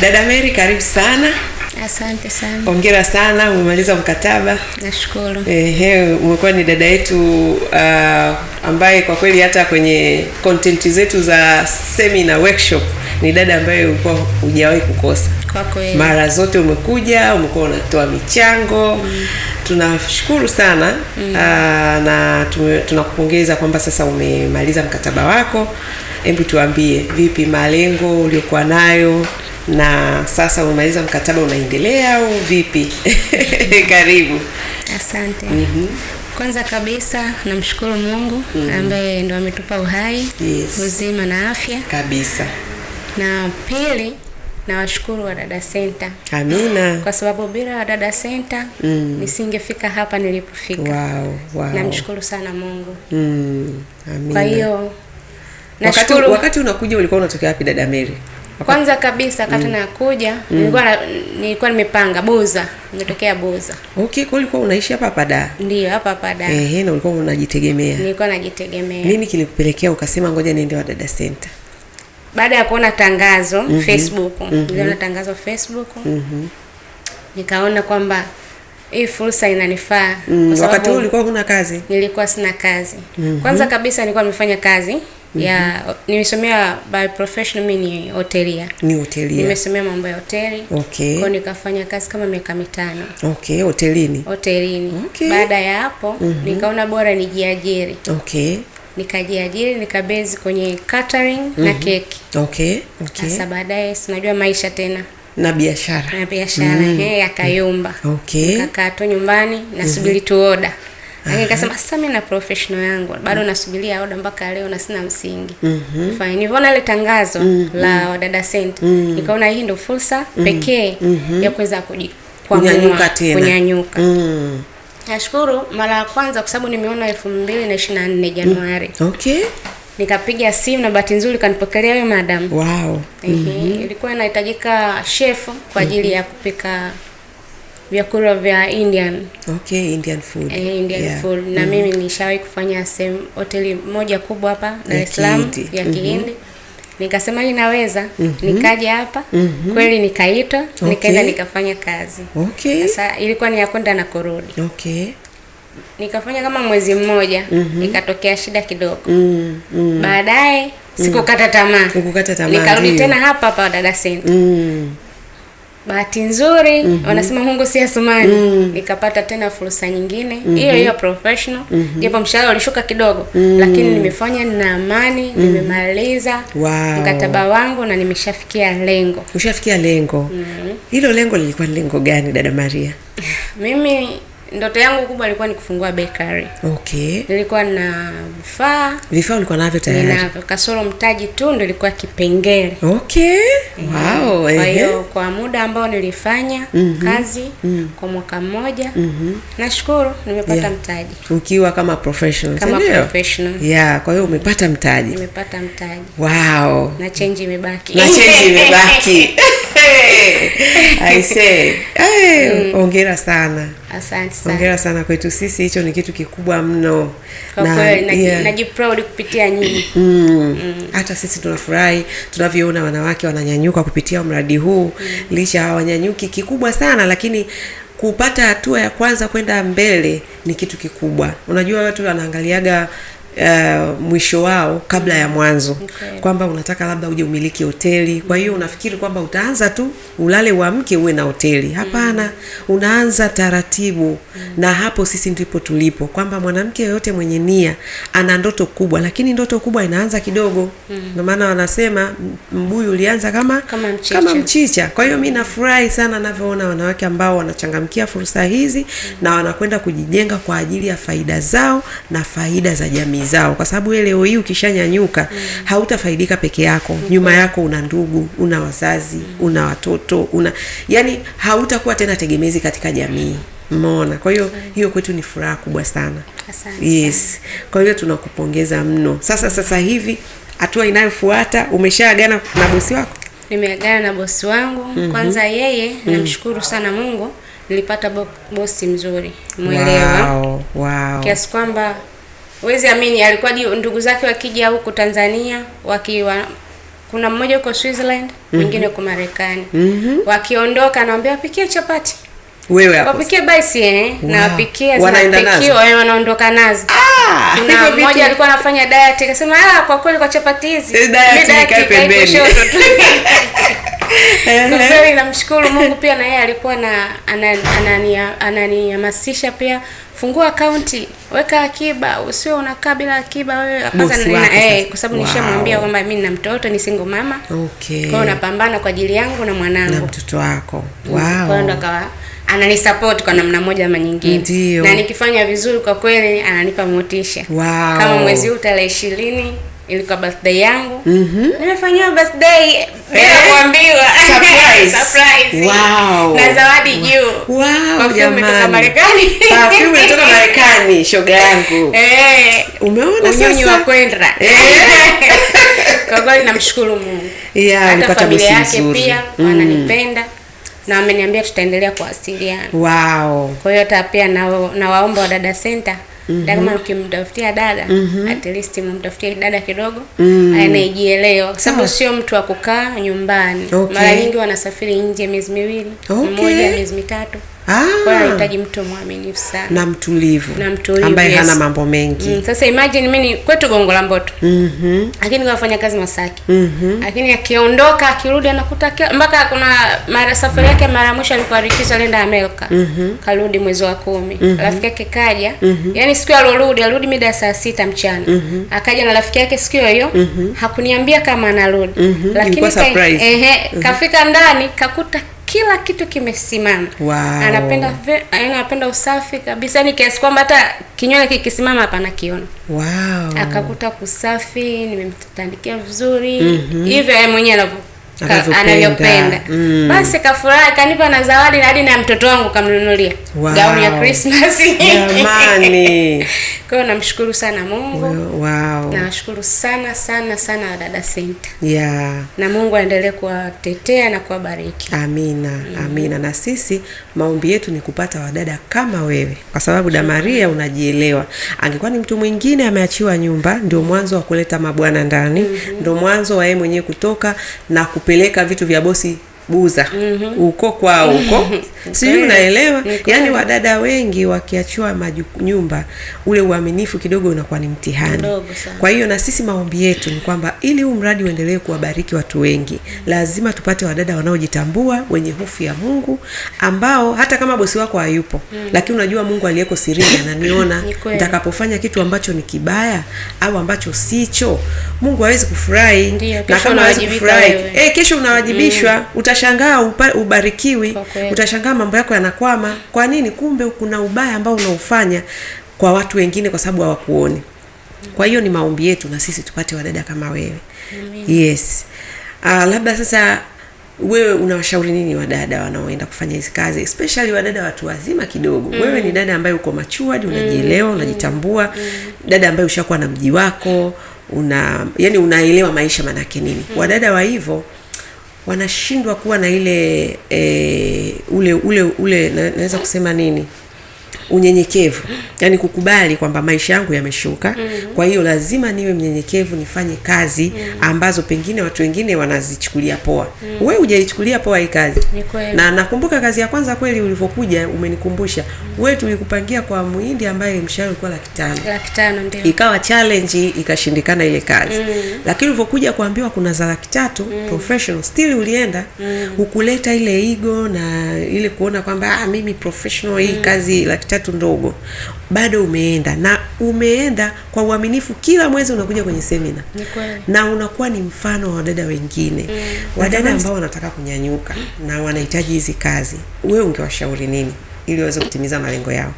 Dada Mary, karibu sana. Asante sana. Hongera sana umemaliza mkataba. Nashukuru. Ehe, umekuwa ni dada yetu uh, ambaye kwa kweli hata kwenye content zetu za seminar workshop ni dada ambaye ulikuwa hujawahi kukosa. Kwa kweli. Mara zote umekuja, umekuwa unatoa michango. Mm. Tunashukuru sana mm. Uh, na tunakupongeza kwamba sasa umemaliza mkataba wako. Hebu tuambie vipi malengo uliokuwa nayo? na sasa umemaliza mkataba, unaendelea au vipi? Karibu. Asante. mm -hmm. Kwanza kabisa namshukuru Mungu mm -hmm. ambaye ndo ametupa uhai yes. uzima na afya kabisa, na pili nawashukuru Wadada Center. Amina. Kwa sababu bila Wadada Center mm. nisingefika hapa nilipofika. Wow, wow. Namshukuru sana Mungu mm. Amina. Kwa hiyo Wakati, wakati unakuja ulikuwa unatokea wapi Dada Mary? Kwanza kabisa kata mm. na kuja mm. nilikuwa nilikuwa nimepanga Buza, nimetokea Buza. Okay, kwa ulikuwa unaishi hapa hapa da? Ndio, hapa hapa da. Ehe, na ulikuwa unajitegemea? Nilikuwa najitegemea. Nini kilikupelekea ukasema ngoja niende Wadada Center? Baada ya kuona tangazo mm -hmm. Facebook, mm -hmm. niliona tangazo Facebook. Mm -hmm. Nikaona kwamba hii fursa inanifaa. Mm, wakati huo ulikuwa huna kazi? Nilikuwa sina kazi. Mm -hmm. Kwanza kabisa nilikuwa nimefanya kazi Mhm. ya nimesomea by profession mimi ni hotelia. Ni hotelia. Nimesomea mambo ya hoteli. Okay. Kwa nikafanya kazi kama miaka mitano. Okay, hotelini. Hotelini. Okay. Baada ya hapo mm -hmm. nikaona bora nijiajiri. Okay. Nikajiajiri nikabezi kwenye catering mm -hmm. na mhm. keki. Okay. Okay. Sasa baadaye sinajua maisha tena na biashara na biashara mm. He, eh, kayumba Okay. Nikakaa tu nyumbani nasubiri mm -hmm. tuoda lakini nikasema sasa mimi na professional yangu bado mm. nasubiria oda mpaka leo na sina msingi. Mm -hmm. Fine. nilipoona ile tangazo mm -hmm. la Wadada Center. Mm -hmm. Nikaona hii ndio fursa mm -hmm. pekee mm -hmm. ya kuweza kujikwamua, kunyanyuka. Mm. Nashukuru mara ya kwanza kwa sababu nimeona 2024 Januari. Mm. Okay. Nikapiga simu na bahati nzuri kanipokelea yule madam. Wow. Ehe, mm -hmm. Ilikuwa inahitajika chef kwa ajili mm -hmm. ya kupika vyakula vya Indian. Okay, Indian food. Eh, Indian yeah. food. Na mm. mimi nishawahi kufanya sehemu hoteli moja kubwa hapa Dar es Salaam ya mm-hmm. Kihindi. Nikasema inaweza naweza, mm -hmm. nikaja hapa mm -hmm. kweli nikaitwa, okay. nikaenda nikafanya kazi. Okay. Sasa ilikuwa ni ya na kurudi. Okay. Nikafanya kama mwezi mmoja, mm -hmm. ikatokea shida kidogo. Mm -hmm. Baadaye sikukata tamaa. tamaa. Nikarudi tena hapa hapa Dada Center. Mm bahati nzuri mm -hmm. wanasema Mungu si Asumani mm. nikapata tena fursa nyingine mhm. hiyo mm -hmm. hiyo professional mm -hmm. japo mshahara ulishuka kidogo mm. lakini nimefanya na amani mm. nimemaliza wow. mkataba wangu na nimeshafikia lengo. Ushafikia lengo mm hilo -hmm. lengo lilikuwa lengo gani dada Maria? mimi Ndoto yangu kubwa ilikuwa ni kufungua bakery. Okay. Nilikuwa na vifaa. Vifaa ulikuwa navyo tayari. Ninavyo kasoro mtaji tu ndio ilikuwa kipengele. Okay. Eh. Wow. Kwa hiyo kwa muda ambao nilifanya mm -hmm. kazi mm -hmm. kwa mwaka mmoja mm -hmm. nashukuru nimepata yeah. mtaji. Ukiwa kama professional. Kama Sendio? professional. Yeah, kwa hiyo umepata mtaji. Nimepata mtaji. Wow. Na change imebaki. Na change imebaki. Mm. Ongera sana sana, ongera sana kwetu sisi, hicho ni kitu kikubwa mno kupitia mm. Mm. Hata sisi tunafurahi tunavyoona wanawake wananyanyuka kupitia mradi huu mm. Licha hawanyanyuki kikubwa sana lakini kupata hatua ya kwanza kwenda mbele ni kitu kikubwa. Unajua, watu wanaangaliaga uh, mwisho wao kabla ya mwanzo okay. Kwamba unataka labda uje umiliki hoteli, kwa hiyo unafikiri kwamba utaanza tu ulale uamke uwe na hoteli. Mm. Hapana, Unaanza taratibu mm. Na hapo sisi ndipo tulipo, kwamba mwanamke yoyote mwenye nia ana ndoto kubwa, lakini ndoto kubwa inaanza kidogo mm. Ndio maana wanasema mbuyu ulianza kama kama mchicha, kama mchicha. Kwa hiyo mi nafurahi sana navyoona wanawake ambao wanachangamkia fursa hizi mm. Na wanakwenda kujijenga kwa ajili ya faida zao na faida za jamii juhudi zao, kwa sababu leo hii ukishanyanyuka mm. hautafaidika peke yako mm nyuma yako una ndugu, una wazazi mm una watoto, una yani hautakuwa tena tegemezi katika jamii mona. Kwa hiyo hiyo kwetu ni furaha kubwa sana yes. Kwa hiyo tunakupongeza mno. Sasa sasa hivi hatua inayofuata umeshaagana na bosi wako? Nimeagana na bosi wangu mm -hmm. Kwanza yeye mm -hmm. namshukuru sana Mungu nilipata bosi mzuri mwelewa. wow, wow. Kiasi kwamba Huwezi amini, alikuwa ndugu zake wakija huku Tanzania wakiwa kuna mmoja uko Switzerland, mhm. mwingine mm -hmm. kwa Marekani mm -hmm. wakiondoka, anawaambia wapikie chapati wewe hapo wapikie basi eh, wow. na wapikia zinapikiwa wao eh, wanaondoka nazo. Ah, kuna mmoja alikuwa anafanya diet akasema, ah, kwa kweli kwa chapati hizi eh, diet ikae pembeni. Kwa kweli namshukuru Mungu pia na yeye alikuwa na anani anani, anani, anani, pia fungua akaunti, weka akiba, usiwe unakaa bila akiba wewe. Kwanza eh, kwa sababu nishamwambia kwamba mimi nina mtoto, ni single mama. Okay. Kwao napambana kwa ajili yangu na mwanangu. Na mtoto wako. Mm. Wow. Kwa ndo akawa ananisupport kwa namna moja ama nyingine. Na nikifanya vizuri kwa kweli ananipa motisha. Wow. Kama mwezi huu tarehe 20 ilikuwa birthday yangu mhm. Nimefanyiwa birthday bila eh? kuambiwa Na zawadi juu wow, Marekani shoga yangu hey. Eh. Umeona sasa wa kwenda eh? Kwa kweli namshukuru Mungu yeah, hata familia yake pia mm. wananipenda na wameniambia tutaendelea kuwasiliana. Wow. Kwa hiyo hata pia nawaomba na wa dada center mm -hmm. Kama ukimtafutia dada mm -hmm. at least mumtafutie dada kidogo mm -hmm. anayejielewa kwa sababu sio mtu wa kukaa nyumbani okay. Mara nyingi wanasafiri nje miezi miwili okay. mmoja miezi mitatu Ah, anahitaji mtu mwaminifu sana na mtulivu, na mtulivu ambaye yes, hana mambo mengi mm. Sasa imagine mimi kwetu Gongo la Mboto mm-hmm. lakini nafanya kazi Masaki mm-hmm. lakini akiondoka akirudi anakuta mpaka kuna mara safari yake mara mwisho alikuwa likizo alienda Amerika mm-hmm. karudi mwezi wa kumi mm-hmm. rafiki yake kaja mm-hmm. yani siku alorudi alirudi mida ya saa sita mchana mm-hmm. akaja na rafiki yake siku hiyo mm-hmm. hakuniambia kama anarudi mm-hmm. lakini ka, ehe, mm-hmm. kafika ndani kakuta kila kitu kimesimama. Wow. Anapenda anapenda usafi kabisa, yani kiasi kwamba hata kinywele kikisimama hapana kiona Wow. Akakuta kusafi, nimemtandikia vizuri mhm. hivyo mm -hmm. yeye mwenyewe anavyo anavyopenda mm. Basi kafurahi kanipa na zawadi na hadi na mtoto wangu kamnunulia wow. gauni ya Christmas jamani. Kwa hiyo namshukuru sana Mungu wow. Nawashukuru sana sana sana Wadada senta yeah. Na Mungu aendelee kuwatetea na kuwabariki amina, mm. amina. Na sisi maombi yetu ni kupata wadada kama wewe, kwa sababu da maria unajielewa. Angekuwa ni mtu mwingine ameachiwa nyumba, ndio mwanzo wa kuleta mabwana ndani mm -hmm. Ndio mwanzo wa yeye mwenyewe kutoka na kup kupeleka vitu vya bosi buza huko mm -hmm. uko kwao huko sijui unaelewa yaani wadada wengi wakiachiwa nyumba ule uaminifu kidogo unakuwa ni mtihani kwa hiyo na sisi maombi yetu ni kwamba ili huu mradi uendelee kuwabariki watu wengi lazima tupate wadada wanaojitambua wenye hofu ya Mungu ambao hata kama bosi wako hayupo mm. lakini unajua Mungu aliyeko sirini ananiona nitakapofanya kitu ambacho ni kibaya au ambacho sicho Mungu hawezi kufurahi na kama hawezi kufurahi eh kesho unawajibishwa mm. Uta utashangaa ubarikiwi okay. Utashangaa mambo yako yanakwama. Kwa nini? Kumbe kuna ubaya ambao unaufanya kwa watu wengine kwa sababu hawakuoni. Kwa hiyo ni maombi yetu na sisi tupate wadada kama wewe. Amen. Yes. Uh, labda sasa wewe unawashauri nini wadada wanaoenda kufanya hizi kazi especially wadada watu wazima kidogo? mm. Wewe ni dada ambaye uko machuadi, unajielewa, mm. unajitambua. Mm. mm. Dada ambaye ushakuwa na mji wako una yani unaelewa maisha manake nini. mm. Wadada wa hivyo wanashindwa kuwa na ile e, ule ule ule naweza kusema nini unyenyekevu, yani kukubali kwamba maisha yangu yameshuka. mm -hmm. Kwa hiyo lazima niwe mnyenyekevu, nifanye kazi mm -hmm. ambazo pengine watu wengine wanazichukulia poa. mm -hmm. Wewe hujaichukulia poa hii kazi, na nakumbuka kazi ya kwanza kweli ulivyokuja umenikumbusha. mm -hmm. Wewe tulikupangia kwa muhindi ambaye mshahara ulikuwa laki tano, ikawa challenge, ikashindikana ile kazi. mm -hmm. Lakini ulivyokuja kuambiwa kuna za laki tatu mm -hmm. professional still ulienda. mm -hmm. Ukuleta ile ego na ile kuona kwamba ah, mimi professional mm -hmm. kazi laki tatu tatu ndogo, bado umeenda na umeenda kwa uaminifu. Kila mwezi unakuja kwenye semina na unakuwa ni mfano wa wadada wengine mm. wadada ambao wanataka kunyanyuka na wanahitaji hizi kazi, wewe ungewashauri nini ili waweze kutimiza malengo yao?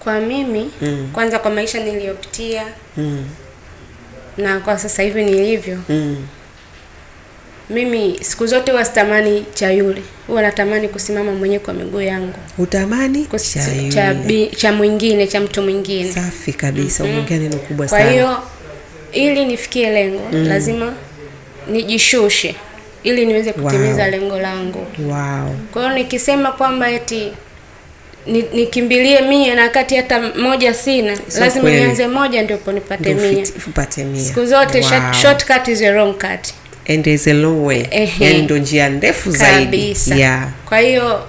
Kwa mimi mm. kwanza kwa maisha niliyopitia mm. na kwa sasa hivi nilivyo mm mimi siku zote huwa sitamani cha yule, huwa natamani kusimama mwenyewe kwa miguu yangu. Utamani cha yule, cha, bi, cha mwingine cha mtu mwingine. Safi kabisa, mm -hmm. Umeongea neno kubwa sana. Kwa hiyo ili nifikie lengo mm. lazima nijishushe ili niweze kutimiza wow. lengo langu. Wow. Kwa hiyo nikisema kwamba eti nikimbilie ni mia na wakati hata moja sina, so lazima nianze moja ndipo nipate mia. Siku zote wow. shortcut is a wrong cut a way, ndo njia ndefu zaidi yeah. Kwa hiyo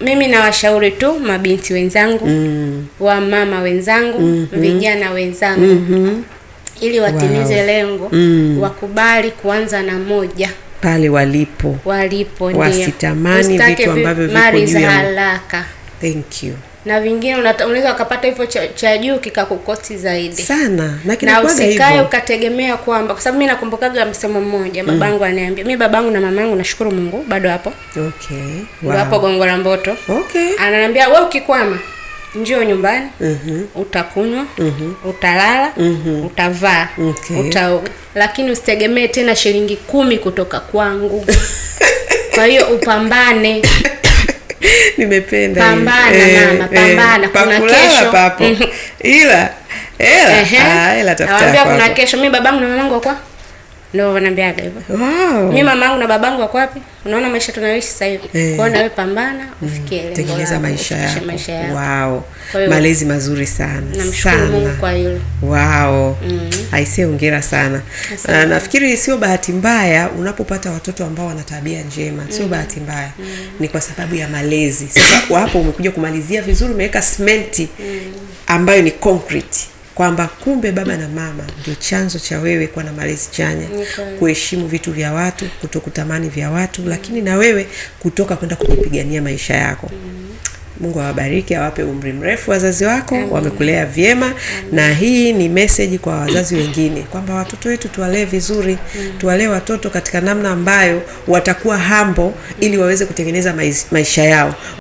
mimi nawashauri tu mabinti wenzangu mm. wamama wenzangu mm -hmm. vijana wenzangu mm -hmm. ili watimize wow. lengo mm. wakubali kuanza na moja pale walipo walipo, wasitamani vitu ambavyo viko haraka. Thank you na vingine unaweza ukapata hivyo cha, cha juu kikakukosti zaidi sana na hivyo, na usikae ukategemea kwamba, kwa sababu mimi nakumbukaga msemo mmoja mm. babangu anaambia ananiambia mimi, babangu na mamangu, nashukuru Mungu bado hapo, okay wow. hapo Gongo la Mboto, okay, ananiambia wewe ukikwama njoo nyumbani mm -hmm. utakunywa mm -hmm. utalala mm -hmm. utavaa okay. utaoga, lakini usitegemee tena shilingi kumi kutoka kwangu kwa hiyo upambane nimependa pambana mama eh, eh, pambana kuna kesho papo ila hela ah, ela tafuta kuna kesho mimi babangu na mamangu kwa ndio wananiambiaga hivyo. Wow. Mimi mama yangu na babangu wako wapi? Unaona maisha tunayoishi sasa hivi. Eh. Kwa nawe pambana mm. ufikie lengo. Tengeneza maisha yako. Maisha yako. Wow. Malezi mazuri sana. Namshukuru Mungu kwa hilo. Wow. Mm. Aise, hongera sana. Na, ah, nafikiri sio bahati mbaya unapopata watoto ambao wana tabia njema. Sio mm. bahati mbaya. Mm. Ni kwa sababu ya malezi. Sasa hapo umekuja kumalizia vizuri umeweka simenti mm. ambayo ni concrete kwamba kumbe baba na mama ndio chanzo cha wewe kuwa na malezi chanya kuheshimu vitu vya watu, kutokutamani vya watu mm. lakini na wewe kutoka kwenda kujipigania maisha yako mm. Mungu awabariki, awape umri mrefu wazazi wako Wamekulea vyema Na hii ni meseji kwa wazazi wengine kwamba watoto wetu tuwalee vizuri mm-hmm. Tuwalee watoto katika namna ambayo watakuwa hambo ili waweze kutengeneza maisha yao.